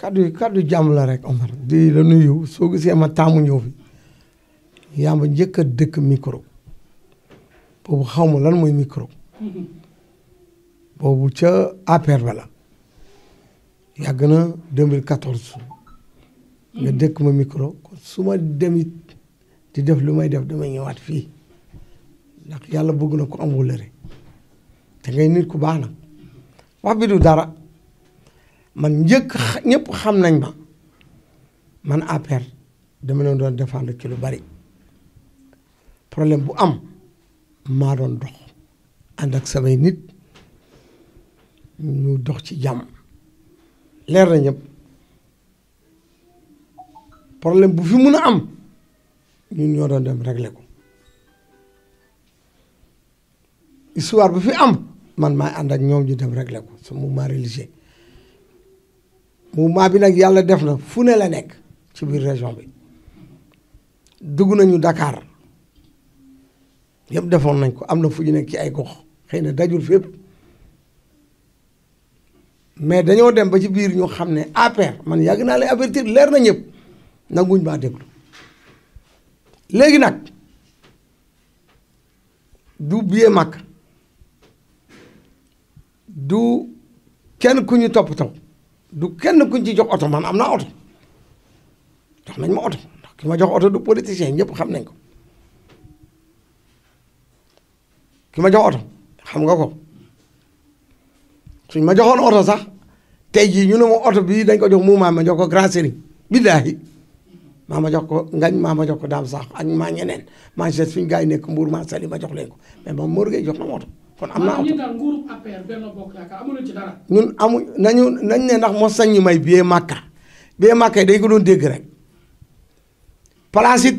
kàddu yi kàddu jàmm la rek Omar di la nuyu soo gisee ma taamu ñëw fi yaa ma njëkk dëkk micro boobu xaw ma lan mooy micro boobu ca APR ba la yàgg na 2014 nga dëkk ma micro kon su ma demit di def lu may def damay ñëwaat fii ndax yàlla bëgg na ko am wëllëre te ngay nit ku baax nag wax dara man njëkk ñépp xam nañ ma man APR dama leen doon défendre ci lu bari problème bu am maa doon dox ànd ak samay nit ñu dox ci jàmm leer na ñëpp problème bu fi mun a am ñun ñoo doon dem régler ko histoire bu fi am man maa ànd ak ñoom ñu dem régler ko sama mouvement religieux mouvement bi nag yàlla def na fu ne la nekk ci biir région bi dugg nañu Dakar yëpp defoon nañ ko am na fu ñu nekk ci ay gox xëy na dajul fépp mais dañoo dem ba ci biir ñu xam ne APR man yàgg naa lay avertir leer na ñëpp nanguñ maa déglu léegi nag du biyee mak du kenn ku ñu toppatoo. du kenn kuñ ci jox oto man am na oto jox nañ ma oto ndax ki ma jox oto du politicien ñëpp xam nañ ko ki ma jox oto xam nga ko suñ ma joxoon oto sax tey jii ñu ne ma oto bii dañ ko jox mu maa ma jox ko grand sérigne billaahi maa ma jox ko ngañ maa ma jox ko daam sax ak maa ñeneen maa seet fi ñu gars yi nekk mbuur maa sali ma jox leen ko mais moom Mor Gueye jox na ma oto kon am na am ñun amu nañu nañ ne ndax moo sañ ñu may biyee maka biyee màkka yi dañ ko doon dégg rek place it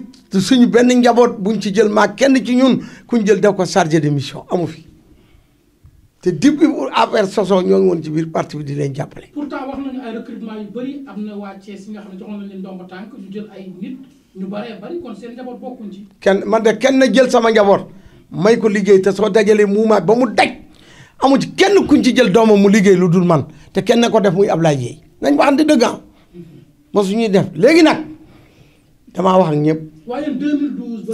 suñu benn njaboot buñ ci jël maa kenn ci ñun kuñ jël def ko chargé de mission amu fi te depuis affaire soso ñoo ngi woon ci biir parti bi di leen jàppale. pourtant wax ñu ay recrutement yu bëri am na waa Thiès yi nga xam ne joxoon nañ leen ndomba tànk ñu jël ay nit ñu bëree bari kon seen njaboot bokkuñ ci. kenn man de kenn jël sama njaboot. may ko liggéey te soo dajalee muumaat ba mu daj amu ci kenn ku ci jël doomam mu liggéey lu dul man te kenn ko def muy Ablaye Dieye nañ waxante dëgg ah ma su ñuy def léegi nag damaa wax ak ñëpp. waaye 2012 ba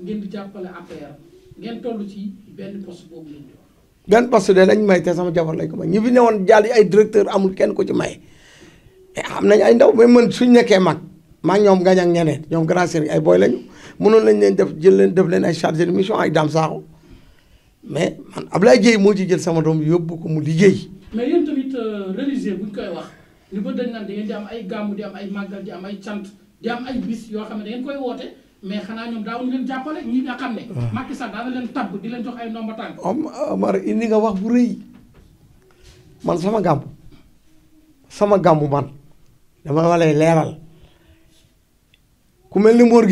2024 ngeen di jàppale APR ngeen ci benn poste boobu ngeen di wax. benn poste lañ may te sama jabar lañ ko may ñi fi newoon jàll ay directeur amul kenn ku ci may eh, am nañ ay ndaw mais mën suñ nekkee mag maa ñoom gañ ak ñeneen ñoom grand ay booy lañu. mënoon lañ leen def jël leen def leen ay chargé de mission ay daam saako mais man Ablaye Dieye moo ci jël sama doom yóbbu ko mu liggéey. mais yéen tamit euh, religieux buñ koy wax li ba dañ naan di am ay gàmmu di am ay màggal di am ay cant di am ay bis yoo xam ne da koy woote mais xanaa ñoom daa daawuñu leen jàppale ñi nga xam ne. Ah. Macky Sall daan na leen tabb di leen jox ay ndomba tànk. Omar indi nga wax bu rëy man sama gàmm sama gàmmu man dama lay leeral ku mel ni Mor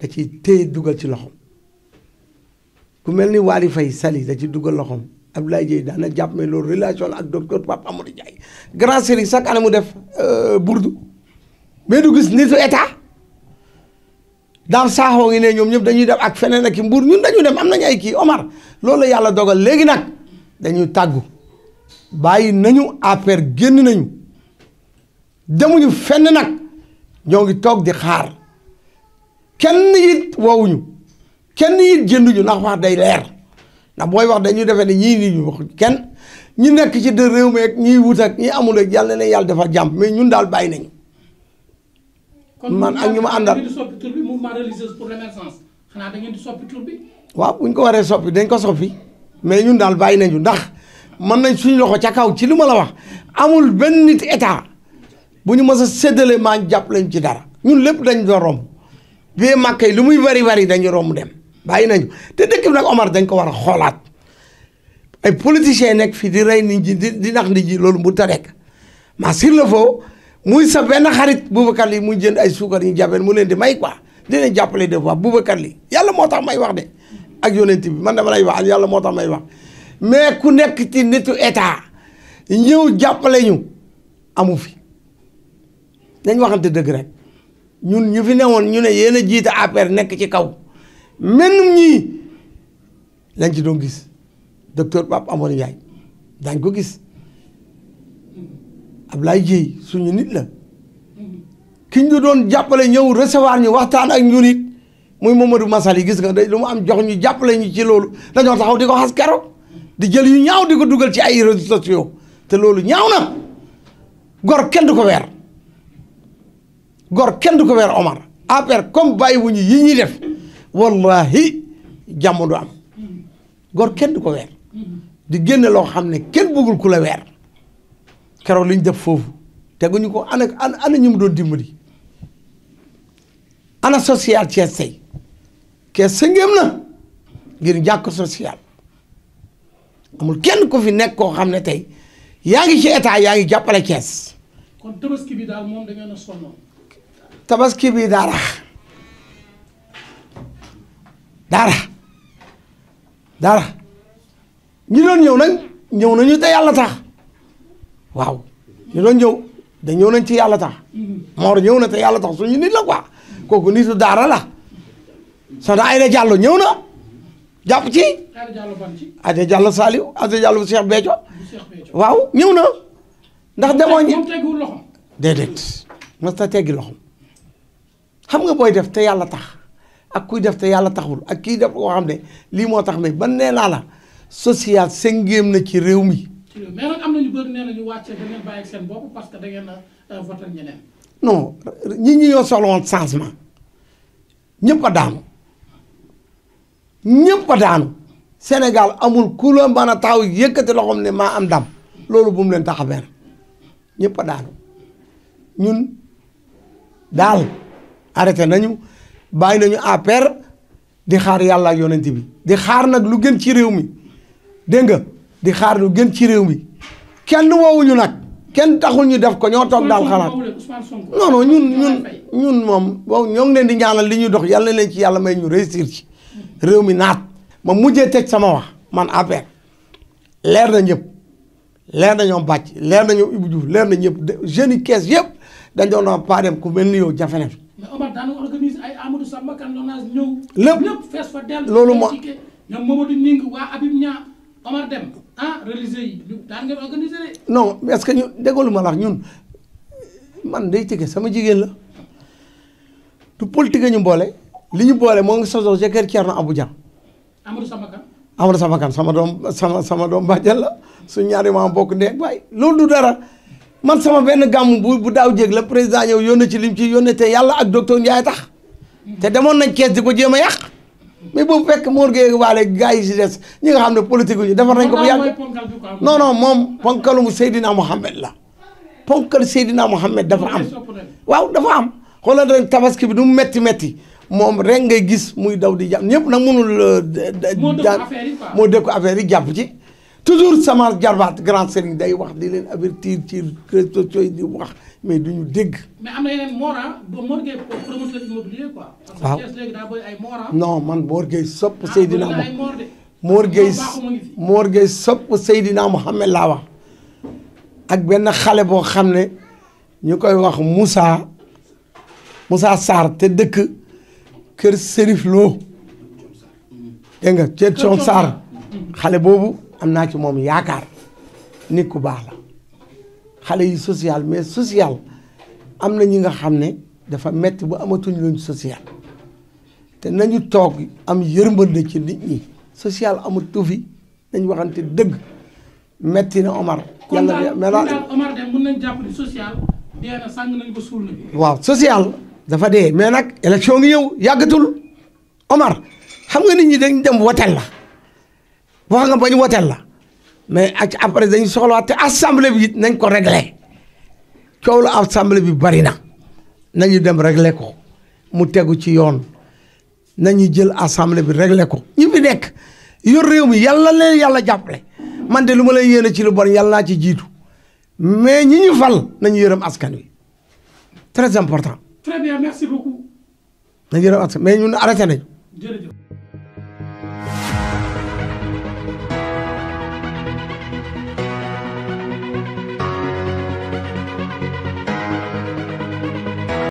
da ci téye dugal ci loxom ku mel ni Waly fay Sali da ci dugal loxom Abdoulaye Dieye daana jàpp mais loolu relation ak docteur Pape Amadou Ndiaye grand série chaque année mu def euh, burdu mais du gis nitu état daam saaxoo ngi ne ñoom ñëpp dañuy def ak feneen ak i mbuur ñun dañuy dem am nañu ay kii Omar loolu la yàlla dogal léegi nag dañu tàggu bàyyi nañu affaire génn nañu demuñu fenn nag ñoo ngi toog di xaar kenn it woowuñu kenn yit jënduñu ndax wax day leer ndax booy wax dañuy defee ne ñii nii ñu wax kenn ñu nekk ci de réew mi ak ñiy wut ak ñi amul ak yàlla na yàlla dafa jàmm mais ñun daal bàyyi nañu. man ak ñu ma àndal kon soppi tur bi mouvement religieux pour l'émergence da ngeen di soppi bi. waaw bu ko waree soppi dañ ko soppi mais ñun daal bàyyi nañu ndax mën nañ suñ loxo ca kaw ci li ma la wax amul benn nit état bu ñu mës a séddale maa jàpp lañ ci dara ñun lépp dañ doon romb bee màkk yi lu muy bari bari dañu romb dem bàyyi nañu te dëkk bi nag Omar dañ ko war a xoolaat ay politiciens nekk fii di rey ni ñi di di nax nit ñi loolu mu ta rek mais sur le fond muy sa benn xarit Boubacar li muy jën ay suukar yu jabel mu leen di may quoi dinañ jàppale des fois Boubacar li yàlla moo tax may wax de ak yonent bi man dama lay wax yàlla moo tax may wax mais ku nekk ci nitu état ñëw jàppale ñu amu fi dañ waxante dëgg ñun ñu fi newoon ñu ne yéen a jiite APR nekk ci kaw men mennum ñii lañ ci doon gis docteur Pape amoon Ndiaye daañ ko gis ab laay Dieye suñu nit la kiñ ñu doon jàppale ñëw recevoir ñu waxtaan ak ñun it muy Mamadou Massaly gis nga day lu mu am jox ñu jàppale ñu ci loolu dañoo taxaw di ko xas di jël yu ñaaw di ko dugal ci ay réseaux sociaux te loolu ñaaw na gor kenn du ko weer. gor kenn du ko weer Omar APR comme bàyyi wu ñu yi ñuy def wallahi jàmm am gor kenn du ko weer di génne loo xam ne kenn bëggul ku la weer keroog li ñu def foofu teguñu ko ana ana ñu mu doon dimbali ana social Thiès tey Thiès sëngeem na ngir jàkk social amul kenn ku fi nekk xam ne tey yaa ngi ci état yaa ngi jàppale Thiès. kon tabaski bi daal moom da ngeen tabaski bi dara dara dara ñi doon ñëw nag ñëw nañu te yàlla tax waaw ñi doon ñëw da ñëw nañ ci yàlla tax Mor ñëw na te yàlla tax suñu nit la quoi kooku nitu daara la soxna Ayda Diallo ñëw na jàpp ci Ayda Diallo Saliou Ayda Diallo Cheikh Béthio waaw ñëw na ndax demoo ñi déedéet mas ta teggi loxom xam nga booy def te yàlla tax ak kuy def te yàlla taxul ak kiy def xam ne lii moo tax mais ban nee naa la social sëngéem na ci réew mi. mais na ñu bëri nee na parce que da ngeen a euh, voté non ñi ñi ñoo soxla woon changement ñëpp a daanu ñëpp a daanu senegal amul ku la mën a taxaw yëkkati loxoom ne maa am dam loolu bu leen tax a ñépp ñëpp a daanu ñun daal. arrêté nañu bàyyi nañu APR di xaar yàlla ak bi di xaar nag lu gën ci réew mi dégg nga di xaar lu gën ci réew mi kenn woowuñu nag kenn taxul ñu def ko ñoo toog daal xalaat non ñun ñun ñun moom wow ñoo ngi leen di ñaanal li ñu dox yàlla leen ci yàlla may ñu réussir ci réew mi naat ma mujjee teg sama wax man APR leer na ñëpp leer na ñoom bàcc leer na ñoom Ibou Diouf leer na ñëpp jeunes yi kees yëpp dañ doon doon pas dem ku mel ni yow jafe Omar daan organise ay Amadou Samba kan Lonase ñëw. lépp lépp fees fa dellu. loolu moo ñoom Mamadou Ning waa Habib Niang Omar Dem ah religieux yi daan non est-ce que ñu déggoolu ma la ñun man day tike sama jigéen la du politique ñu boole li ñu boole moo ngi sosoo ci kër Thierno Abuja. Amadou Samba kan. Amadou sama doom sama sama doom bàjjan la suñu ñaari maam bokk ndee loolu dara. man sama benn gàmm bu bu daaw jéeg la président yow yónnee ci lim ci yónnee te yàlla ak docteur Ndiaye tax te demoon nañ kees di ko jéem a yàq mais bu fekk Mor Gueye waale gars yi si ñi nga xam ne politique yu ñu defar nañ ko bu yàgg non non moom ponkalumu Seydina Mohamed la ponkal Seydina Mohamed dafa am waaw dafa am xoolal ren tabaski bi du mu métti métti moom rek ngay gis muy daw di jàpp ñëpp na mënul euh, daan moo dëkk affaire yi jàpp ci toujours sama jarbaat grand sëriñ day wax di leen avertir ci réseaux di wax mais duñu dégg. mais man ah, Mor Gueye sopp Seydina Mohamed ah Mor laa wax ak benn xale boo xam ne ñu koy wax Moussa Moussa Sarr te dëkk kër Serif Lo dégg nga Thiel Thion xale boobu. am naa ci moom yaakaar nit ku baax la xale yi social mais social am na ñi nga xam ne dafa metti bu amatuñ luñ social te nañu toog am yërmande ci nit ñi social amul tuufi nañ waxante dëgg metti na Omar. yàlla mais waaw social dafa dee mais nag élection ngi ñëw yàggatul Omar xam nga ni ñi dañ dem woteel wax nga bañ woteel la mais ak après dañu soxlawaat te assemblée bi nañ ko réglé coow la assemblée bi bari na nañu dem réglé ko mu tegu ci yoon nañu jël assemblée bi réglé ko ñi fi nekk yor réew mi yàlla leen yàlla jàppale man de lu ma lay yéene ci lu bon yàlla naa ci jiitu mais ñi ñu fal nañu yërëm askan wi très important. très bien merci beaucoup. nañu yërëm askan mais ñun arrêté nañu.